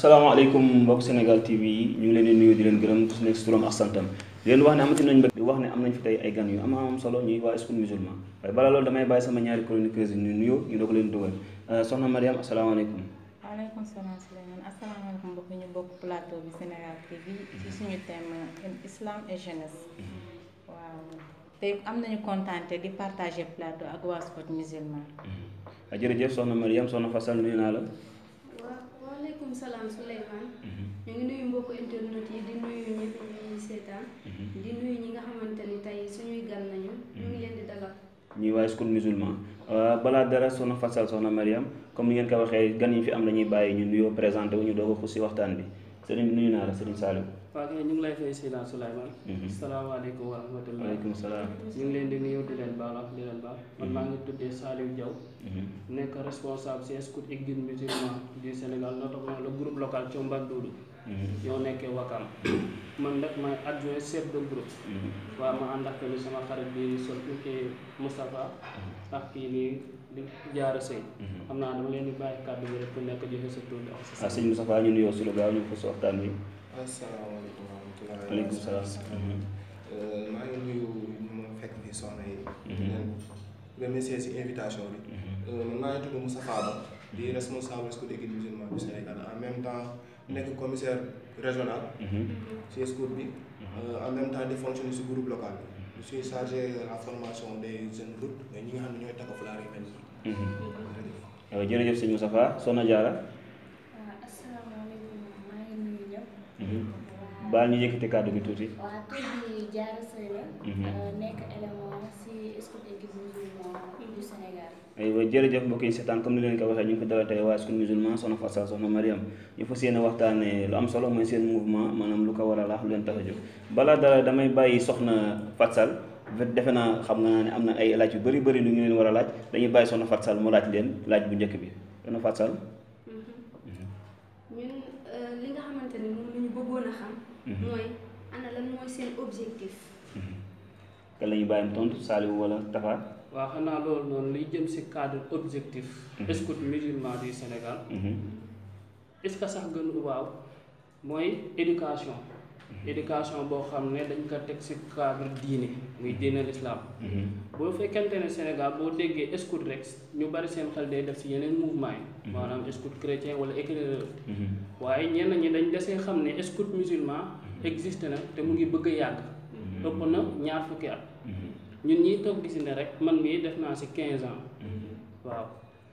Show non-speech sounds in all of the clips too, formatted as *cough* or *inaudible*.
assalamualaikum bokk senegal tv ñu ngi leen di nuyu di leen gërëm ku nekk turam ak santam di leen wax ne amati nañ di wax ne am nañ fi tey ay gan yu am am solo ñuy waa school musulman waaye bala loolu damay bàyyi sama ñaari chroniqueuse yi ñu nuyu ñu dog leen dugal soxna mariam assalaamaaleykum waaleykum salaam Souleymane asalaamaaleykum mbokk ñu bokk plateau bi Sénégal TV ci suñu thème islam et jeunesse waaw tey am nañu contenté di partager plateau ak waa sport musulman. Mm-hmm. Ah, jërëjëf soxna Mariam soxna Fassane nuyu naa la. maaleykum salaam Souleymane. Mhm. ñu ngi nuyu mbokku internet yi di nuyu ñëpp ñuy seetaan. Mhm. di nuyu ñi nga xamante ni tey suñuy gan nañu. ñu ngi mhm. leen di dalal. ñuy waaye school musulman euh, balaa dara soxna Fassal soxna Mariam comme ni ngeen ko waxee gan yi fi am na ñuy bàyyi ñu nuyoo présenté wu ñu doog a xuus si waxtaan bi seen nuyu naa la sëriñ Saliou. Pak mhm. mhm. mhm. ke ñu lay fay Seyna Sulayman. Assalamu alaykum wa rahmatullahi. Wa alaykum salaam. Ñu leen di nuyu di leen baax di leen baax. Man ma ngi tuddé Salim Diaw. Nekk responsable ci escoute Egine Musulman du Sénégal notamment le groupe local Chomba Doudou. Yo nekké wakam. Man nak ma adjoint chef de groupe. Wa ma andak ak sama xarit bi sortu ke Mustafa. Ak ki ni di jaar sey xamna dama leen di baye kaddu rek ku nekk jëfé sa tour ak sa Seyna Mustafa ñu nuyu su lu gaaw ñu ko soxtaan ni asalaamaaleykum wa rahmatulah. waaleykum salaam. Euh, maa ngi nuyu ñu ma fekk fii soxna yi. Mhm. di leen remercier si invitation bi. Mhm. Euh, man maa ngi tudd di responsable scout équipe musulmane du Sénégal en même temps nekk commissaire régional. si mhm. scout bi. Euh, en même temps di fonctionner si groupe local bi. je suis chargé de formation des jeunes routes ñi nga xam ñooy takk fulaar yu mel nii. jërëjëf sëñ Moussa Faba soxna Diarra. baal ñu yëkkati kàddu gi tuuti. waa tur bi jaar nekk élément si scout équipe musulman du Sénégal. ayiwa jërëjëf mbokk yi seetaan comme ni leen ko waxee ñu ngi ko dawal tey waa scout musulman soxna Fassal soxna Mariam ñu fas yéen a waxtaanee lu am solo mooy seen mouvement maanaam lu ko waral ak lu leen taxajul. balaa dara damay bàyyi soxna Fassal defe naa xam nga ne am na ay laaj yu bëri bëri lu ñu leen war a laaj dañuy bàyyi soxna Fassal mu laaj leen laaj bu njëkk bi soxna Fassal. Mhm. mooy ana lan mooy seen objectif. Mhm. kan la bàyyi tontu Saliou wala Tafa. waaw xanaa loolu noonu liy jëm si cadre objectif. Mhm. Scout musulman du Sénégal. est-ce que sax gën waaw mooy éducation. éducation boo xam ne dañ ko teg si cadre diini muy diine l'islam mhm. boo fekkente ne Sénégal boo déggee scout rek ñu bari seen xel day def si yeneen mouvement yi mhm. maanaam scout chrétien wala éclaireur mhm. waaye ñenn ñi dañ desee xam ne scout musulman existe na te mu ngi bëgg yàgg ëpp na ñaar fukki at ñun ñiy toog di si ne rek man mii def naa si quinze ans waaw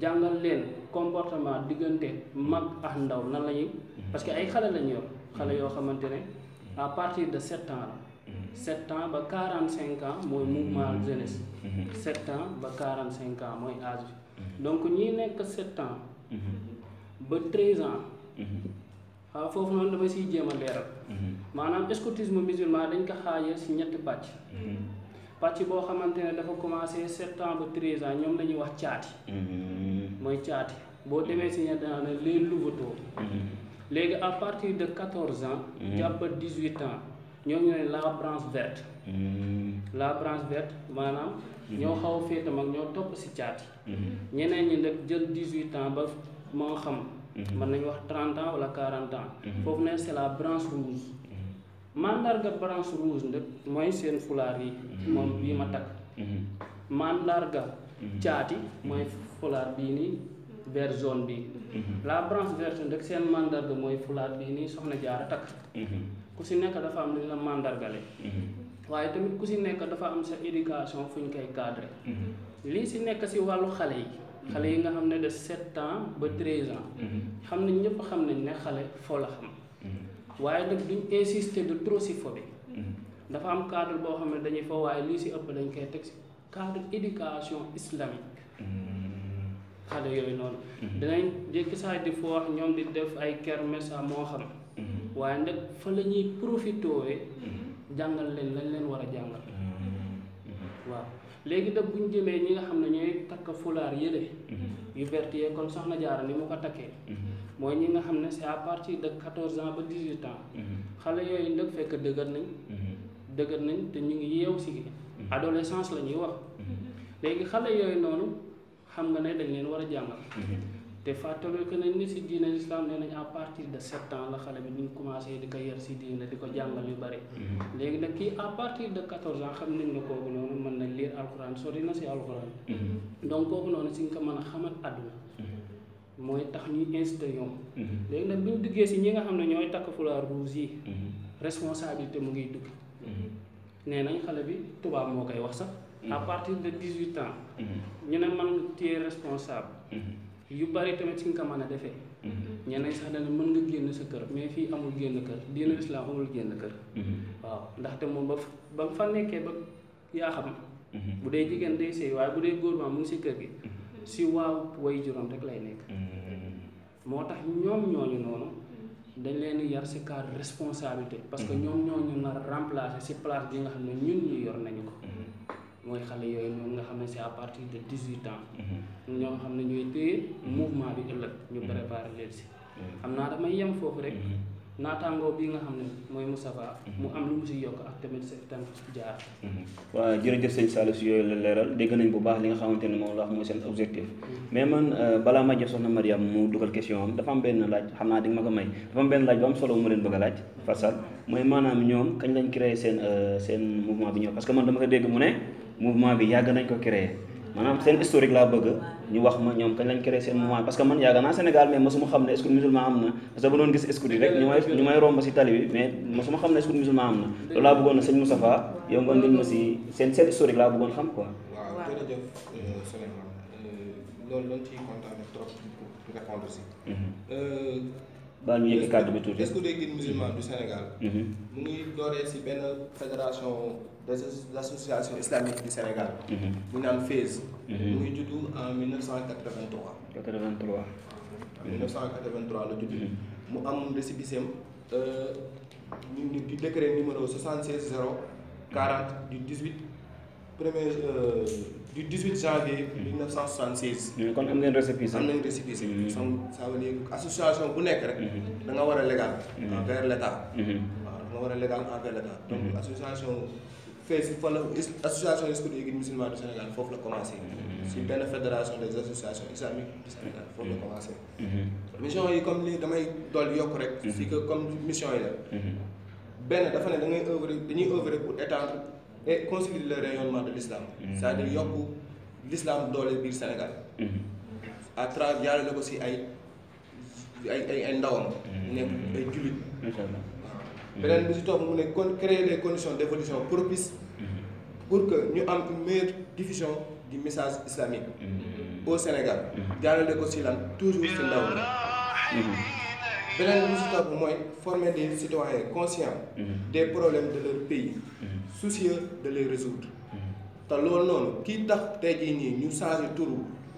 jàngal leen comportement diggante mag ak ndaw na la ñuy mhm. parce que ay xale lañu yor mhm. xale yoo xamante ne à partir de sept ans la mhm. sept ans ba quarante cinq ans mooy mouvement jeunesse sept ans ba quarante cinq ans mooy âge bi donc ñi nekk sept ans ba treize ans waaw foofu noonu dama siy jéem a leeral maanaam scoutisme musulman dañ ko xaajee si ñetti pàcc pàcc boo xamante ne dafa commencé septembre treize ans ñoom la ñuy wax caati mm-hmm. mooy caati boo demee si ña dana ne les louveteaux mm-hmm. léegi à partir de quatorze ans mm-hmm. jàpp dix-huit ans ñoom ñu ne la branche verte la branche verte maanaam ñoo xaw a féetam ak ñoo topp si caati ñeneen ñi nag jël dix-huit ans ba moo xam mën nañu wax trente ans wala quarante ans foofu ne c'est la branche rouge mandarga branche rouge nag mooy seen fulaar yi mm-hmm. moom bii ma takk mm-hmm. mandarga caati mm-hmm. mooy fulaar bii nii vert zone bi la branche verte nag seen mandarga mooy fulaar bii nii soxna jaara takk ku si nekk dafa am lu ñu la mandargale waaye tamit ku si nekk dafa am sa éducation fu ñu koy cadré lii si nekk si wàllu xale yi xale yi nga xam ne de sept ans ba treize ans xam nañ ñëpp xam nañ ne xale foo la xam waaye nag duñ insister de trop si fo bi mm-hmm. dafa am cadre boo xam ne dañuy fa waaye lii si ëpp dañ koy teg si cadre éducation islamique xale mm-hmm. yooyu noonu mm-hmm. danañ jékki saa di fo wax ñoom di def ay kermesse moo xam waaye nag fa la ñuy profitoowe jàngal leen lañ leen war a jàngal waaw léegi nag buñ jëlee ñi nga xam ne ñooy takk fulaar yële yu bert yee kon soxna jaara ni mu ko takkee mooy ñi nga xam ne c'est à partir de quatorze ans ba dix huit ans. Mm-hmm. xale yooyu nag fekk dëgër nañ. Mm-hmm. dëgër nañ te ñu ngi yeew si mm-hmm. adolescence la wax. léegi xale yooyu noonu xam nga ne dañ leen war a jàngal. te fàttali que ne ni si diine islam nee nañ à partir de sept ans la xale bi ñu commencé di ko yar si diine di ko jàngal yu bëri. léegi nag kii à partir de quatorze ans xam nañ ne kooku noonu mën na lire alxuraan sori na si alxuraan. donc kooku noonu si ko mën a xamal àdduna. mooy tax ñuy incité ñoom. Mhm. léegi nag bu ñu duggee si ñi nga xam ne ñooy takk fulaar rouge yi. Mhm. responsabilité mu ngiy dugg. Mhm. nee nañ xale bi tubaab moo koy wax sax. à partir de dix huit ans. ñu ne man téye responsable. yu bari tamit si nga ko mën a defee. ñeneen sax dañu mën nga génn sa kër mais fii amul génn kër dina islam amul génn kër. waaw ndaxte moom ba ba fa nekkee ba yaa xam. bu dee jigéen day sëy waaye bu dee góor ma mu ngi si kër gi. si waaw way juróom rek lay nekk mm-hmm. moo tax ñoom ñooñu noonu mm-hmm. dañ leen yar si cadre responsabilité parce que mm-hmm. ñoom ñooñu nar remplacer si place bi nga xam ne ñun ñu yor nañu ko mooy xale yooyu ñoom nga xam ne si à partir de dix huit ans ñoo xam ne ñuy téye mouvement bi ëllëg ñu préparer leen si xam naa damay yem foofu rek naataangoo bi nga xam ne mooy Moustapha mhm. mu am lu mu si yokk ak tamit sa tànk jaar mhm. waaw jërëjëf sëñ Saliou si yooyu la leeral dégg nañ bu baax li nga xamante ne moom la wax mooy seen objectif mhm. mais man euh, balaa ma jox soxna Mariam mu dugal question am dafa am benn laaj xam naa di ma ko may dafa am benn laaj bu am solo mu leen bëgg a laaj fasal mooy maanaam ñoom kañ lañ créé seen euh, seen mouvement bi ñëw parce que man dama ko dégg mu ne mouvement bi yàgg nañ ko créé maanaam seen historique laa bëgg ñu wax ma ñoom kañ lañ créé seen mouvement parce que man yàgg naa Sénégal mais mosuma xam ne scout musulman am na parce que bu doon gis scout yi rek ñu may romb si tali bi mais mosuma xam ne scout musulman am na loolu laa bëggoon na sëñ Moustapha yow nga ngeen ma si seen seen historique laa bëggoon xam quoi. Euh, euh, mhm. euh, kàddu bi tuuti. est-ce que dégg musulman du Sénégal. Mhm. mu de l'association islamique du Sénégal. Mhm. mu naan FAISE. Mhm. mu ngi juddu en 1983. 83. en 1983 la juddu. Mhm. mu am récépissé-am euh, ñu di décret numéro 76 40 du 18 premier euh, du 18 janvier. 1976. kon am ngeen récépissé. am nañ récépissé. donc ça veut association bu nekk rek. da nga war a légal. envers l' état. waaw da nga war légal envers l' état donc association feesi une association des catholiques musulmans du Sénégal foofu la commencer mm-hmm. si benn fédération des associations islamiques du Sénégal commencer. la mm-hmm. Mm-hmm. mission yi comme li damay correct, yokk rek. c'est que comme mission yi là. Ben, dafa ne da œuvrer dañuy œuvrer pour étendre et consolider le rayonnement de l'islam. cest à dire que l'islam doit doole biir Sénégal. à travers jaarale ko si ay ay ay ndawam. nekk ay jullit beneen bi si topp créer les conditions d'évolution propices mm-hmm. pour que nous am une meilleure diffusion du message islamique mm-hmm. au Sénégal mm-hmm. jaarale ko si lan toujours si ndaw ñi beneen bi former des citoyens conscients des problèmes de leur pays soucieux de les résoudre te loolu noonu kii tax tey jii nii ñu changer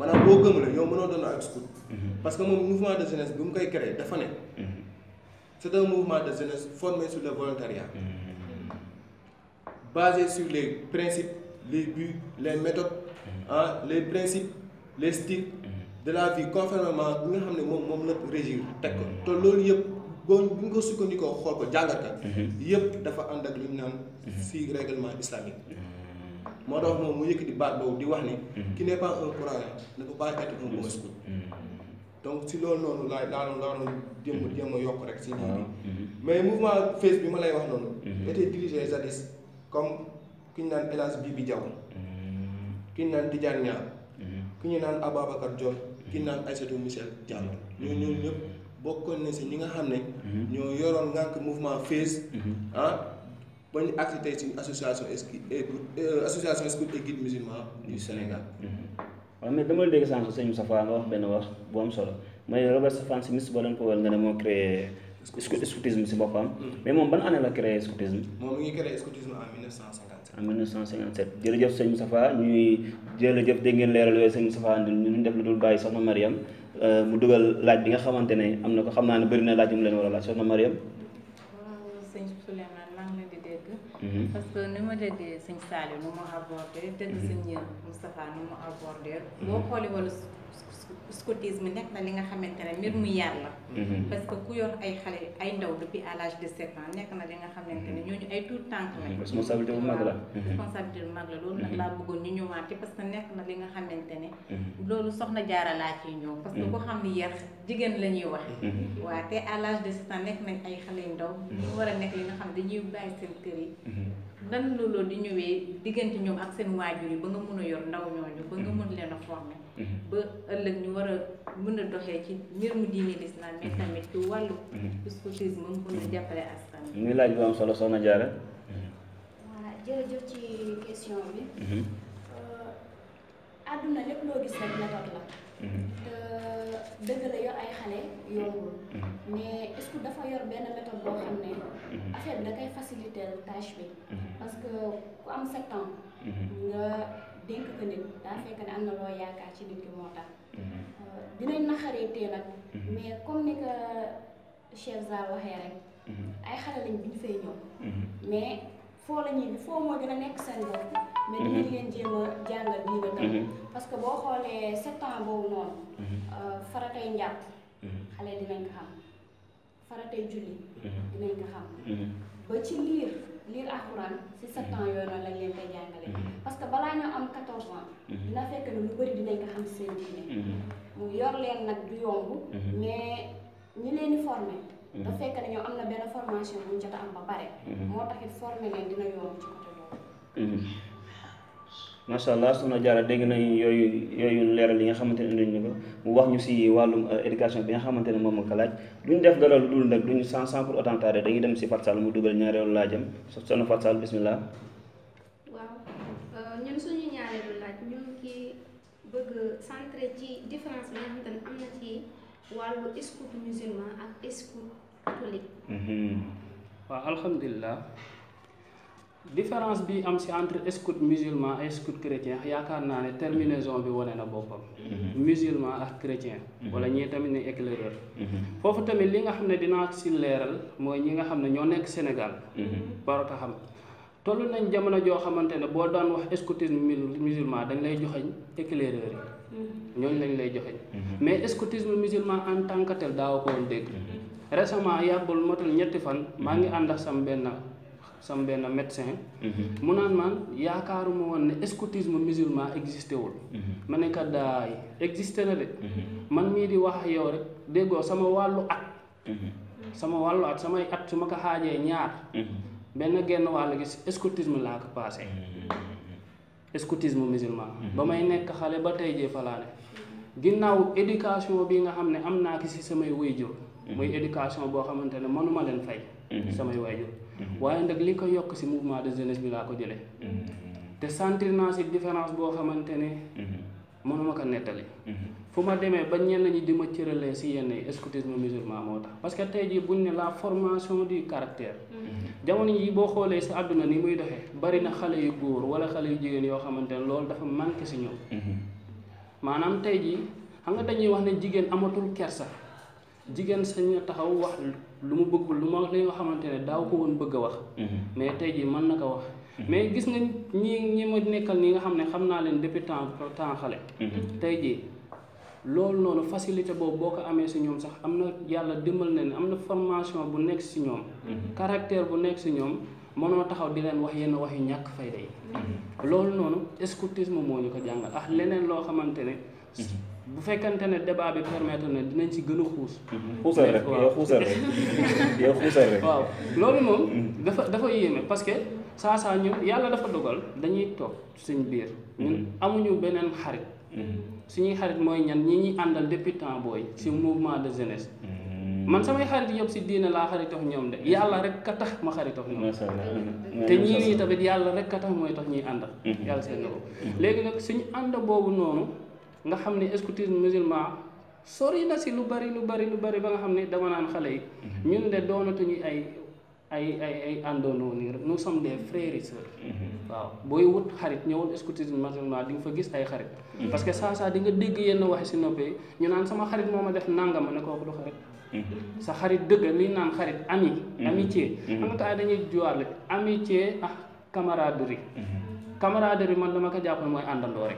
maanaam boo gëmule yow mënoo doon ak scout mhm. parce que moom mouvement de jeunesse bi mu koy créé dafa ne mhm. c'est un mouvement de jeunesse formé sur le volontariat mhm. basé sur les principes les buts les méthodes ah les principes les styles de la vie conformément bu nga xam ne moom moom la régir teg ko te loolu yëpp boo bu ñu ko sukkandikoo xool ko jàngat ka yëpp dafa ànd ak lu ñu naan si règlement islamique moo tax moom mu yëkkati baat boobu di wax ni. Mm-hmm. qui n'est pas un croyant ne peut pas être un bon mm-hmm. scout. Mm-hmm. donc si loolu noonu laay daa doon daa doon jéem yokk rek si lii bi ah, mais mouvement face bi ma lay wax noonu. était dirigé jadis comme ki ñu naan El bi bi Diaw. ki ñu naan Tidiane Niang. ki ñu naan Ababacar Dior. ki ñu naan Aïssatou Michel Diallo. ñooñu ñëpp bokkoon na si ñi nga xam ne. ñoo yoroon ngànk mouvement face. ah. ba ñu agsi tey suñu association ski eh, eh, association scout et guide musulman du mhm. Sénégal. Mhm. waaw mais dama la dégg sànq sëñ Moustapha nga wax benn wax bu am solo mooy Robert Stephen Smith boo leen ko wër nga ne moo créé. scoutisme si boppam. Mhm. mais moom ban année la créé scoutisme. moom mi ngi créé scoutisme en 1957. en 1957 jërëjëf sëñ Moustapha ñuy jërëjëf dégg ngeen leeral yooyu sëñ Moustapha ñu def lu dul bàyyi soxna Mariam euh, mu dugal laaj bi nga xamante ne am na ko xam naa ne bëri na laaj yu mu leen war a laaj Mm-hmm. parce que ni ma déggee sëñ Saliou nu mu abordé dégg sëñ Moustapha nu mu abordé boo mm-hmm. xooli scoutisme nekk na li nga xamante ne mbir mu mhm. yàlla mhm. parce que ku yor ay xale ay ndaw depuis à l'âge de sept nekk na li nga xamante ne mhm. ñooñu ay tout tànk la responsabilité bu mag la responsabilité bu mag la loolu nag laa bëggoon ñu ñëwaat ci parce que nekk na li nga xamante ne loolu soxna jaara laa ciy ñëw parce que ku xam ni yar jigéen la ñuy wax waaw te à de sept nekk nañ ay xale yu ndaw ñu war a nekk li nga xam dañuy bàyyi seen kër yi nan loolu di ñëwee diggante ñoom ak seen waajur yi ba nga mun a yor ndaw ñooñu ba nga mën mhm. leen a former mhm. ba ëllëg ñu war a mën a doxee ci mbir mu diine lislaam mais mhm. tamit ci wàllu scoutisme mu mën a jàppale askan wi ñu laaj bu am solo soxna Diarra voilà jërëjëf ci question bi euh, àdduna lépp loo gis rek méthode la te mm-hmm. euh, dëgg la yor ay xale yombul. Mm-hmm. mais est dafa yor benn méthode boo xam ne. Mm-hmm. affaire da koy faciliter tâche bi. parce que ku am sept ans. nga dénk ko nit daa fekk ne am na loo yaakaar ci nit moo tax. Euh, dinañ naxaree tee nag. mais comme ni chef Zal waxee rek. ay xale lañ bi ñu fay ñëw. mais foo la ñuy foo moo gën a nekk seen mais mhm. dinañ leen jéem jàngal lii ba tam mhm. parce que boo xoolee sept ans boobu noonu mhm. euh, faratay njàpp xale dinañ ko xam faratay julli dinañ ko xam ba ci liir liir alxuraan si sept ans yooyu noonu lañ leen koy jàngale parce que balaa ñoo am quatorze ans dina fekk ne lu bëri dinañ ko xam seen diine mu yor leen nag du yomb mais ñi leen di formé fekk ne ñoo am na benn formation bu ñu jot am ba pare moo taxit formé leen dina yomb ci côté boobu macha allah soxna Diarra dégg nañu yooyu yooyu leeral yi nga xamante ne indi ñu ko mu wax ñu si wàllum euh, éducation bi nga xamante ne moom la ko laaj duñ def dara lu dul nag duñ sans sans pour autant tarder dañuy dem si Fatou Sall mu dugal ñaareelu laajam soxna Fatou Sall bismillah. waaw euh, ñun suñu ñaareelu laaj ñu ngi bëgg centré ci différence bi nga am na ci wàllu scout musulman ak scout catholique. Mhm. waaw alhamdulilah. différence bi am ci entre scout musulman et scout chrétien yaakaar naa ne terminaison bi wane na boppam mhm. musulman ak chrétien mhm. wala ñii tamit ne éclaireur mhm. foofu tamit li nga xam ne dinaa si leeral mooy ñi nga xam ne ñoo nekk Sénégal baraka xam toll nañ jamono joo xamante ne boo daan wax scoutisme musulman dañ lay joxeñ éclaireur yi ñooñu lañ lay joxeñ mais scoutisme musulman en tant que tel daaw ko woon dégg récemment yàggul motul ñetti fan maa ngi ànd ak sam benn sama benn médecin. Mhm. mu naan maan yaakaaruma woon ne scoutisme musulman existé wul. Mhm. ma ne kat daay existé na de. Mhm. man mii di wax yow rek déggoo sama wàllu at. sama wàllu at samay at su ma ko xaajee ñaar. benn genn wàll gis scoutisme laa ko passé. scoutisme musulman. ba may nekk xale ba tey jii fa ginnaaw éducation bi nga xam ne am naa ki si samay waajur. muy éducation boo xamante ne mënuma leen fay. samay waajur. Mhm. waaye nag li ko yokk si mouvement de jeunesse bi laa ko jëlee. Mhm. te sentir naa si différence boo xamante ne. Mhm. mënuma ko nettali. fu ma demee ba ñenn ñi di ma cëralee si yenn yi scoutisme musulman moo tax parce que tey jii buñ ne la formation du caractère. jamono yi boo xoolee si àdduna ni muy doxee bari na xale yu góor wala xale yu jigéen yoo xamante ne loolu dafa manqué si ñoom. maanaam tey jii xam nga dañuy wax ne jigéen amatul kersa jigéen sañ na taxaw wax lu mu bëggul lu ma li nga xamante ne daaw ko woon bëgg a wax. Mhm. mais tey jii mën na ko wax. Mhm. mais gis nga ñi ñi ma nekkal nii nga xam ne xam naa leen depuis temps temps xale. Mhm. tey jii loolu noonu facilité boobu boo ko amee si ñoom sax am na yàlla dimbal na ne am na formation bu nekk si ñoom. caractère bu nekk si ñoom mënoo taxaw di leen wax yenn wax yu ñàkk fayda yi. loolu noonu scoutisme moo ñu ko jàngal ak leneen loo xamante ne. bu fekkante ne débat bi permettre na dinañ si gën a xuus. Mm-hmm. xuusal rek *laughs* yow xuusal rek waaw loolu moom. Mm-hmm. dafa dafa yéeme parce que saa saa ñu yàlla dafa dogal dañuy toog suñu biir. ñun mm-hmm. amuñu beneen xarit. suñuy xarit mooy ñan ñi ñuy àndal depuis temps booy si mouvement de jeunesse. man samay xarit yëpp si diine laa xaritox ñoom de yàlla rek ka tax ma xaritox ñoom te ñii nii yàlla rek ka tax mooy tax ñuy ànd yàlla seen na ko léegi nag suñu ànd boobu noonu nga xam ne scoutisme musulman sori na si lu bari lu bari lu bari ba nga xam ne dama naan xale yi. Mhm. ñun de doonatuñu ay ay ay ay àndandoo nii rek nous sommes des frères et mhm. waaw booy wut xarit ñëwul scoutisme musulman di nga fa gis ay xarit. Mhm. parce que saa saa di nga dégg yenn wax si noppee ñu naan sama xarit moo ma def nangam ne kooku du xarit. sa xarit dëgg li naan xarit ami. amitié. am na kaay dañuy juwaale amitié ak camaraderie. camaraderie man dama ko jàppale mooy àndandoo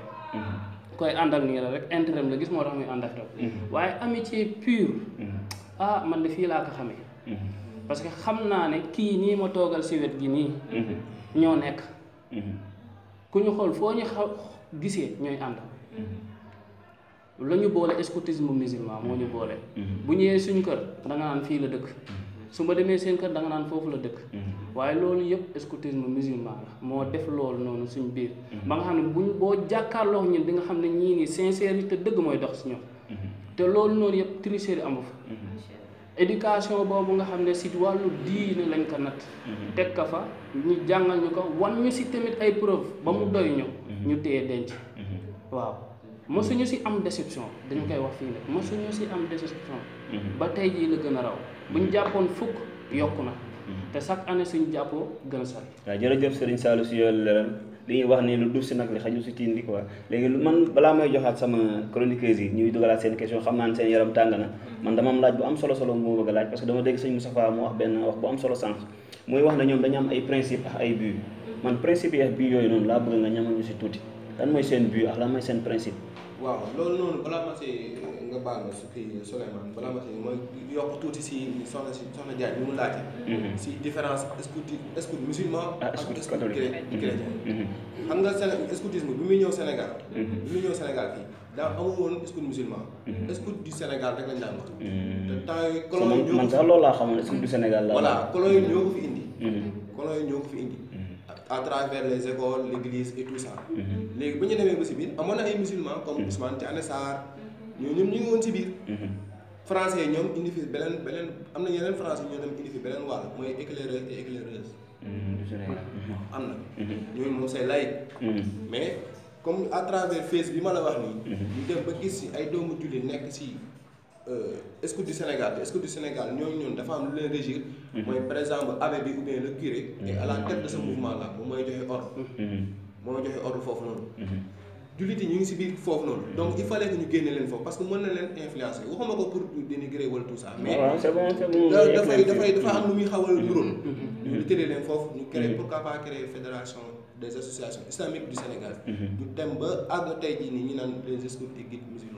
koy àndal nii la rek intérêt la gis moo tax muy ànd ak rek mhm. waaye amitié pure mhm. ah man de fii laa ko xamee mhm. parce que xam naa ne kii nii ma toogal si wet gi nii ñoo nekk ku ñu xool foo ñu xaw gisee ñooy ànd la ñu boole scoutisme musulman moo ñu boole bu ñëwee suñ kër da naan fii la dëkk su ma demee seen kër da naan foofu la dëkk mm-hmm. waaye loolu yëpp scoutisme musulman la moo def loolu noonu suñ biir mm-hmm. ba nga xam ne buñ boo jàkkaarloo ñun di nga xam ne ñii nii te dëgg mooy dox si ñoom mm-hmm. te loolu noonu yëpp tricherie amu fa éducation boobu nga xam ne si wàllu diine lañ ko natt teg ka fa ñu jàngal ñu ko wan ñu si tamit ay preuve ba mu doy ñëw ñu téye denc waaw mosuñu si am déception dañu koy wax fii nag mosuñu si am déception. Mhm. ba tey jii la gën a raw bu ñu mhm. jàppoon fukk yokk na. Mhm. te chaque anne suñu jàppoo gën a sari waaw jërëjëf Serigne Saliou si yow li ñuy wax lu duuf si nag li xajul si tiin bi quoi léegi man balaa may joxaat sama chroniqueuse yi ñuy dugalaat seen question xam seen yaram tàng na man dama am laaj bu am solo solo moo bëgg a laaj parce que dama dégg sëñ Moustapha mu wax benn wax bu am solo sànq muy wax na ñoom dañu am ay principe ak ay but man principe yi ak but yooyu noonu laa bëgg nga ñamal ñu si tuuti lan moy seen but ak lan c'est principe. waaw c'est noonu balaa ma see nga baal ma kii ma see yokk si si mhm. différence scout escoute musulman. Ah, ak chrétien mhm. Mhm. xam nga scoutisme bi muy ñëw Sénégal. bi Sénégal fii daa amul woon musulman. du Sénégal rek temps ñoo Sénégal voilà ñoo ko à travers les écoles l'église et tout ça. Mhm. léegi bu ñu demee ba si biir amoon na ay musulmans comme mhm. Ousmane Thiané Sarr. ñooñu ñoom ñu ngi woon si biir. Mhm. français ñoom indi fi beneen beneen am na français ñoo dem indi fi beneen wàll mooy éclaireur et éclaireuse. *laughs* am na. ñooñu moom c'est laïc. mais comme à travers face bi ma la wax nii. ñu dem ba gis si ay doomu julli nekk si. Euh, est-ce que du Sénégal est-ce que du Sénégal ñooñu ñoon dafa am lu leen régir. Mhm. mooy par exemple abbé ou bien le curé. Mhm. et à la tête de ce mouvement là moom mooy joxe ordre. Mhm. mooy joxe ordre foofu noonu. jullit yi ñu ngi ci biir foofu noonu. donc il fallait que ñu génne leen foofu parce que mën na leen influencer waxuma ko pour dénigrer wala tout ça. mais dafay dafay dafa am lu muy xaw a nuróol. ñu tëddee leen foofu ñu créer pourquoi pas créer fédération des associations islamiques du Sénégal. ñu dem ba àgg tey jii nii ñu naan les scouts et guides musulmans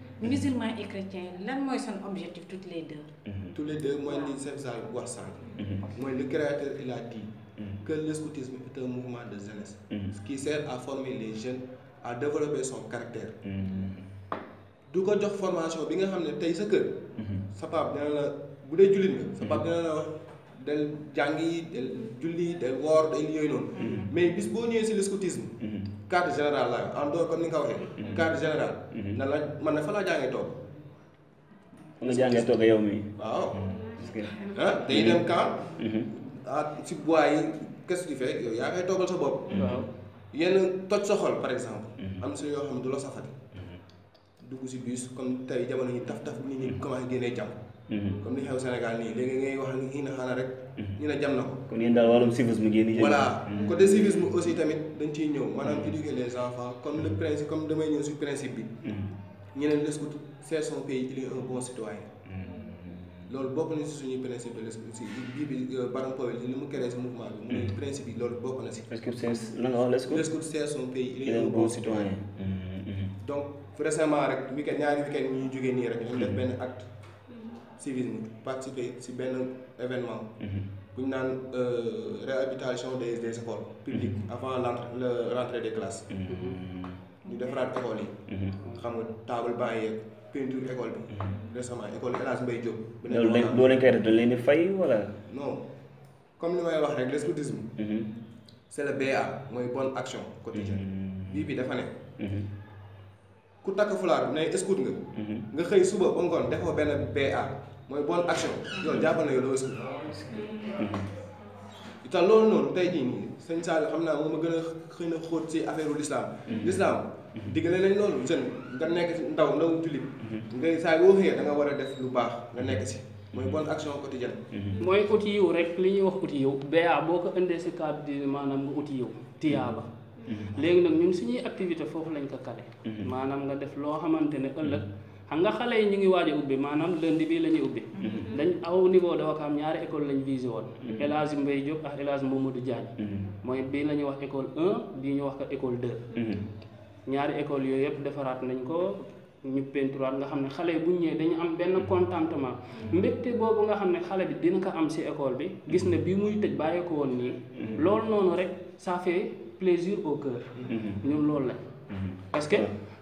musulmans et chrétiens lan mooy son objectif toutes les deux. Mhm. tous les deux mooy li Cheikh Sall wax sànq. Mhm. mooy le créateur il a dit. Mhm. que le scoutisme est un mouvement de jeunesse. ce qui sert à former les jeunes à développer son caractère. du ko jox formation bi nga xam ne tey sa kër. sa dina la bu sa del jàngi del julli del wor del yoy non mm-hmm. mais bis bo ñëwee ci le scoutisme. Mm-hmm. cadre général la en dehors comme ni nga ko waxee. Mm-hmm. cadre général. na la man na fa laa jàngee tok fa nga jàngee toog yow mi waaw. parce que ah day dem camp. ah ci bois yi qu'est-ce que tu fais yow ya koy togal sa bopp. waaw yenn toj sa xol par exemple. am si yoo xam ne du la safati. dugg si bus comme tey jamono yi taf taf ni ñi commencé génnee jàmm. Mhm. comme li xew Sénégal nii léegi ngay wax ni xii na xaana rek mhm. ñu ne jam na ko kon yéen daal wàllum civisme ngeen di voilà mhm. côté civisme aussi tamit dañ ciy ñëw maanaam éduquer les enfants comme le principe comme damay ñëw si principe bi ñu ne l'escout c'est son pays il est un bon citoyen loolu bokk na si suñuy principe de l'escout si bii bi euh, baram Powell li mu créé si mouvement bi mu principe yi loolu bokk na si la nga wax c'est son pays il est un bon citoyen donc récemment rek week-end ñaari week-end ñu jógee nii rek ñu def benn acte civisme participer si benn événement. nous mhm. ñu naan euh, réhabilitation des des écoles publiques mhm. avant le rentrée des classes. Mhm. ñu defaraat école yi. xam nga table banc peinture école bi. récemment école El Hadj Mbaye Diop. job lañ loolu lañ koy def dañ leen di fay wala. non comme li may wax rek le scoutisme. c' est le BA mooy bonne action quotidienne. bii bi dafa ne. ku takk fulaar ne scout nga. nga xëy suba ba ngoon defoo benn BA. mooy bonne action yow jàppal na yow doo te loolu noonu tey jii sëñ Sall xam naa moom a gën a xëy na xoot si affaire u lislaam mhm. lislaam mhm. diggale nañ loolu seen nga nekk si ndaw ndaw jullit mhm. ngay saa yoo xëyee da war a def lu baax nga nekk si mooy bonne action quotidienne mooy uti yow rek li ñuy wax uti yow ba boo ko indee si cadre di maanaam nga uti yiw tiyaaba léegi nag ñun suñuy activité foofu lañ ko kale maanaam nga def loo xamante ne ëllëg nga xalé yi ñu ngi waaja ubbi manam lundi bi lañu ubbi dañ aw niveau dafa ka am ñaari école lañu visé won elage mbey job ak elage momadou diadj moy bi lañu wax école 1 bi ñu wax ko école 2 ñaari école yoyep defaraat nañ ko ñu peinturat nga xamne xalé bu ñëw dañu am ben hmm. contentement hmm. mbekté bobu nga xamne xalé bi dina ko am ci école bi hmm. gis na bi muy tej baye ko won ni lool nonu rek ça fait plaisir au cœur ñun lool la parce que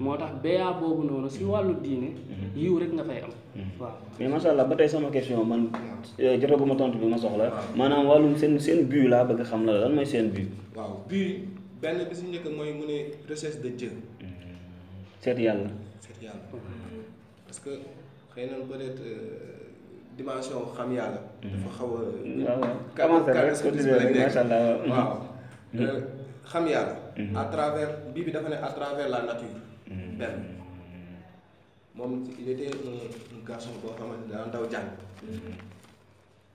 moo tax béyaa boobu noonu si wàllu diine mhm. yiw rek nga fay am mhm. waaw mais macha allah ba tey sama question man euh, jotaguma tontu bi ma soxla maanaam wàllum seen seen laa bëgg xam la lan seen but waaw but benn bi si mu ne de Dieu mhm. parce que xëy na peut-être euh, dimension xam yàlla dafa xaw a euh, macha allah waaw xam yàlla à travers bii bi dafa ne à travers la nature ben il était un garçon mm-hmm.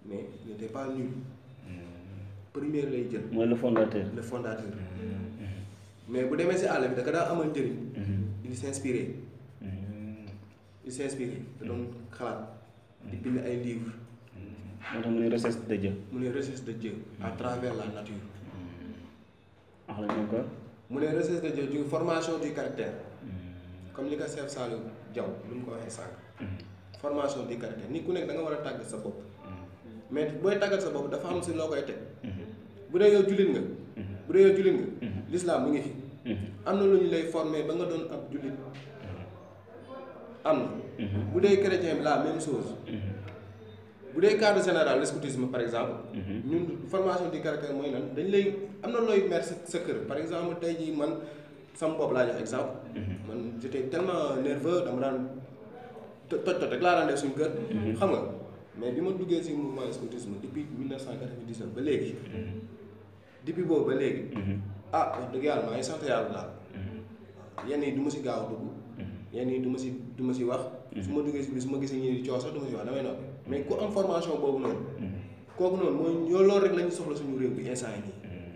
mais il n'était pas nul première lay le fondateur le fondateur. Mm-hmm. mais bu si àll da mm-hmm. il s'inspirait il s'inspirait un de Dieu. à travers la nature. de Dieu du formation du caractère. comme li nga chef Salou Diaw lu mu ko waxee sànq. formation di karate nit ku nekk da nga war a tàggat sa bopp. mais booy tàggat sa bopp dafa am si loo koy teg. bu dee yow jullit nga. bu dee yow jullit nga. l'islam mu ngi fi. am na lu ñu lay former ba nga doon ab julit. am na. bu dee chrétien bi la même chose. bu dee cadre général l'escoutisme par exemple. ñun formation di karate mooy lan dañ lay am na looy mer sa kër par exemple tey jii man. sama bopp laa jox exemple. Mhm. man j'étais tellement nerveux dama daan toj toj rek laa daan def suñu kër. Mhm. xam nga mais bi ma duggee si mouvement scoutisme depuis 1997 ba léegi. Mhm. depuis boobu ba léegi. ah dëgg yàlla maa ngi sant yàlla daal. yenn yi du ma si gaaw a dugg. yenn yi du ma si du ma si wax. su ma duggee si biir su ma gisee ñii di coow sax du ma si wax damay noppi mais ku am formation boobu noonu. kooku noonu mooy loolu rek la soxla suñu réew bi instant yi nii.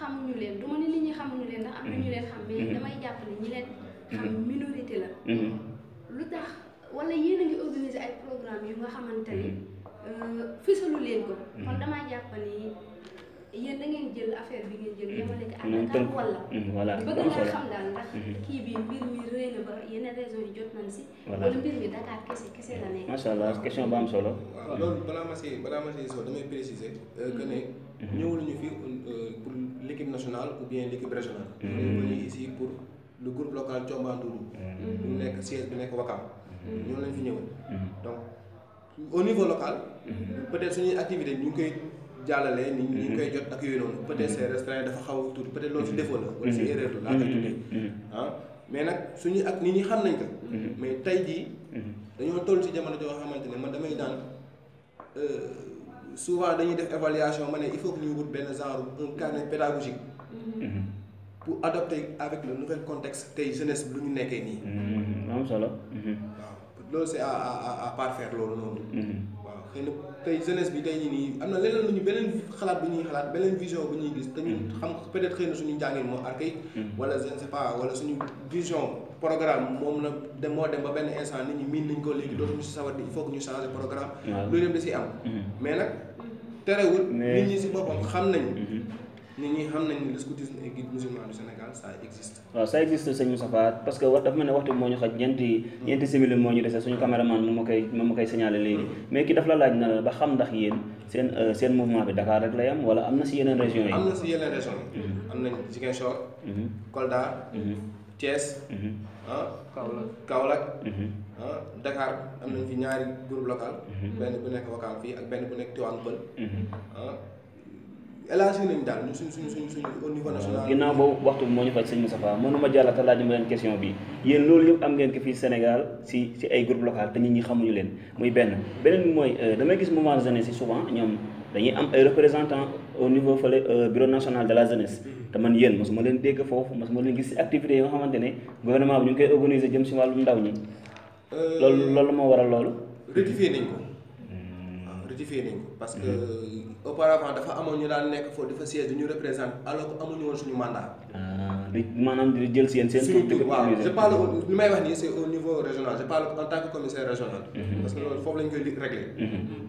xamuñu leen du ne nit ñi xamuñu leen ndax am na ñu mm-hmm. leen xam mais mm-hmm. damay jàpp ne ñi leen mm-hmm. xam minorité la lu tax wala yéen a ngi organiser ay programme yu nga xamante ni euh, fësalu leen ko kon damaa jàpp ni yéen da ngeen jël affaire bi ngeen jël. yemale ko ak Dakar wala. Mm-hmm, voilà xam daal ndax. Mm-hmm. kii bi mbir mi rëy na ba yeneen réseau yi jot nañ si. voilà mbir mi Dakar kese kese la nekk. macha allah solo. waaw loolu balaa ma si balaa ma si soo damay préciser. Euh, que ne mm-hmm. ñëwul ñu fi euh, pour l' national ou bien l' équipe régionale. ñu ngi ici pour lu groupe local Thiombanduru. ñu nekk siège bi nekk Wakam. ñoo lañ fi ñëwal. donc au niveau local. peut être suñuy activité ñu ngi koy. jàllalee ni ñu mhm. koy jot ak yooyu noonu peut-être mhm. c'est restreint dafa xaw tuuti peut-être loolu si défaut la wala si mhm. erreur la laa koy tuddee ah mais nag suñu ak nit ñi xam nañ ko mais tey jii dañoo toll si jamono joo xamante ne man damay daan euh, souvent dañuy def évaluation ma ne il faut que ñu wut benn genre un carnet pédagogique pour adopter avec le nouvel contexte tey jeunesse bi lu ñu nekkee nii am solo waaw loolu c'est à à à à faire loolu noonu xëy na tey jeunesse bi tey nii am na leneen lu ñu beneen xalaat bu ñuy xalaat beneen vision bu ñuy gis. te ñun mm. xam peut-être xëy na suñu njàngin moo archaïque. Mm. wala je ne sais pas suñu vision programme moom la dem moo dem ba benn instant nit ñi miin nañ ko léegi dootuñu si sawar il faut que ñu changer programme. waaw loolu yëpp si siy am. Mm. mais nag terewul. nit ñi si boppam xam nañ mm-hmm. nit ñi xam nañ ne le scoutisme et guide musulman du Sénégal ça existe. waaw ça existe sëñ Moustapha parce que wax dafa mel ne waxtu moo ñu xaj ñeenti. ñeenti simili moo ñu dese suñu caméraman moom ma koy moom ma koy signalé léegi. Mm-hmm. mais ki daf la laaj na ba xam ndax yéen seen euh, seen mouvement bi Dakar rek la yam wala am na si yeneen région yi. am na si yeneen régions yi. Mm-hmm. am nañ Ziguinchor. Mm-hmm. Kolda. Thiès. ah Kaolack Kaolack. ah Dakar am nañ fi ñaari groupe local. benn bu nekk vocal fii ak benn bu élargi nañu daal ñun suñ suñ suñ suñ au niveau national. ginnaaw boobu waxtu bi moo ñu faj sëñ Moustapha mënuma jàll te laaj ma leen question bi yéen loolu yëpp am ngeen ko fii Sénégal si si ay groupe local te nit ñi xamuñu leen muy benn beneen bi mooy euh, damay gis mouvement jeunesse yi souvent ñoom dañuy am ay représentants au niveau fële euh, bureau national de la jeunesse te man yéen mosuma leen dégg foofu mosuma leen gis si activités yi nga xamante ne gouvernement bi ñu koy organiser jëm si wàllum ndaw ñi. Euh, loolu loolu moo waral loolu. parce que mhm. auparavant dafa amone ñu daan nous représenter dafa siège ñu représente alors que amuñu woon suñu mandat. Ah, di di jël seen seen. je parle may c'est au niveau régional je parle en tant que commissaire régional. Mhm. parce que loolu foofu lañ koy réglé. Mhm.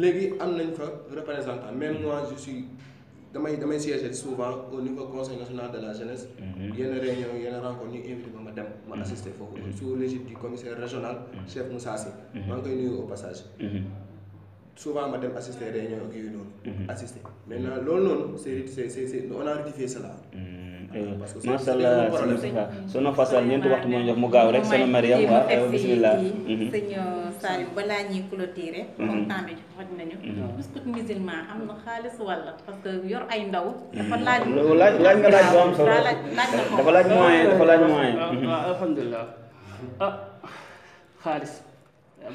léegi am nañ fa représentant même moi je suis damay damay souvent au niveau conseil national de la jeunesse. Il y une réunion yenn rencontre ñu invité ma ma dem. ma assister foofu sous l'égide du commissaire régional. chef Moussa Sy. maa ngi koy nuyu au passage. souvent ma dem assister mhm. loolu noonu c' est c' est c' est on a rectifié mhm. que macha allah ñeenti waxtu moo jox mu gaaw rek sunu Mariam waaw mhm. euh, balaa ñuy clôturer. Musulman am na xaalis walla parce yor ay ndaw. dafa laaj laaj laaj nga laaj bu am solo dafa laaj moyen dafa laaj moyen. Ah, ah, ah, waaw alhamdulilah xaalis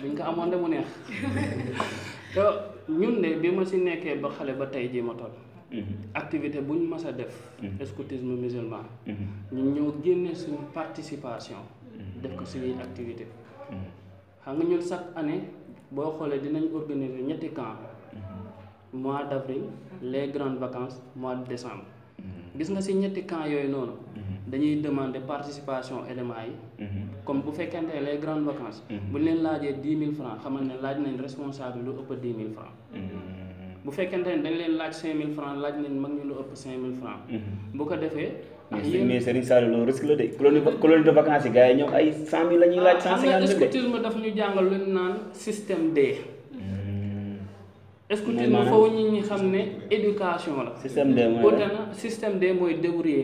bi nga amoon de mu neex. *laughs* ñun de bi ma si nekkee ba xale ba tey jii ma toll. Mhm. activité bu ñu mës a def. Mhm. scoutisme musulman. Mhm. ñu ñëw génne suñu participation. def ko suñuy activité xam nga ñun chaque année boo xoolee dinañ organiser ñetti camp. mois d' avril les grandes vacances mois de décembre. gis nga si ñetti camp yooyu noonu dañuy demander participation élément yi. Mhm. comme bu les grandes vacances. Mhm. bu leen laajee 10 000 francs xamal ne laaj nañ responsable lu ëpp dix 000 francs. Mhm. bu fekkente ne dañ leen francs laaj nañ mag ñu francs. bu ko mais risque de vacances éducation ah, système D D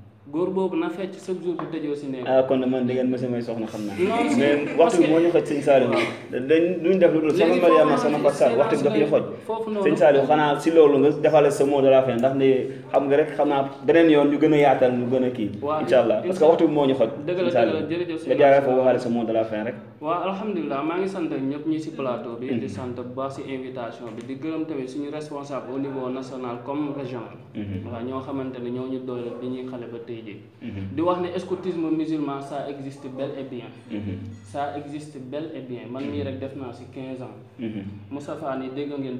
góor boobu na fecc chaque jour bu dajoo si nekk. ah kon man da a may soxna xam naa. mais waxtu bi moo ñu xoj sëñ Saliou dañ duñ def lu dul sama Mariama sama Fatou Sall waxtu bi daf ñu foofu noonu sëñ Saliou xanaa si loolu nga defale sa mot de la fin ndax ne xam nga rek xam naa beneen yoon ñu gën a yaatal ñu gën a kii incha allah parce que waxtu bi moo ñu xoj dëgg la dëgg la jërëjëf nga jaaree foofu waxale sa mot de la fin rek waaw alhamdulilah maa ngi sant ñëpp ñi si plateau bi di sant bu baax si invitation bi di gërëm tamit suñu responsable au niveau national comme région. waaw mhm. ñoo xamante ne ñoo ñu doole bi ñuy xale ba tey ji mhm. di wax ne scoutisme musulman ça existe bel et bien mhm. ça existe bel et bien man mii rek def naa si 15 ans Moustapha ni dégg ngeen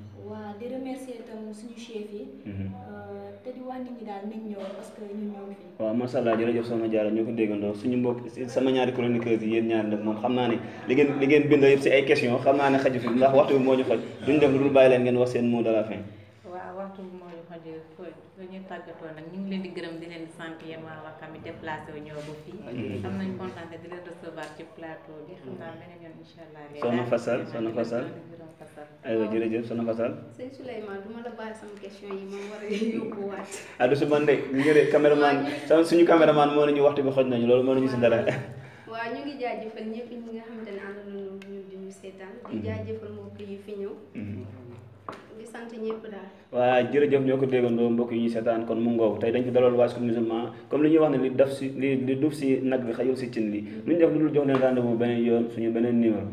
waa di remercier itam suñu chef yi. te di wax nit ñi daal nañ ñëw parce que ñun ñoo fi. waaw macha allah jërëjëf sama jaar ñoo ko déggandoo suñu mbokk sama ñaari chroniqueurs yi yéen ñaar ndax moom xam naa ne li ngeen li ngeen bind yëpp si ay question oh, xam naa ne xaju fi ndax waxtu bi moo ñu xaj duñ dem dul bàyyi leen ngeen kan, wax seen mot de la fin. Kan. waaw waxtu bi moo ñu xaj fooy. la ñuy tàggatoo nag ñu ngi leen di gërëm di leen sant yéen waa Wakam yi déplacé wu ñëw ba fii. Mm-hmm. am ma la bàyyi sama question yi ma war a yóbbuwaat. ah du si man de ñu ngi caméraman sama suñu caméraman moo nañu waxtu bi xoj nañu loolu moo nañu si dara. waaw ñu ngi jaajëfal ñëpp ñi nga xamante ne ànd nañu ñun di ñu seetaan. Mm-hmm. di jaajëfal mbokk yi fi ñëw mm-hmm. sant ñëpp daal. waa jërëjëf ñoo ko déggandoo mbokk yi ñuy seetaan kon mu ngoobu tey dañ fi dalal su Musulman comme li ñuy wax ne li daf si li li duuf si nag bi xajul si cin li mm. lu ñu def lu dul jox leen rendez-vous beneen yoon suñu beneen numéro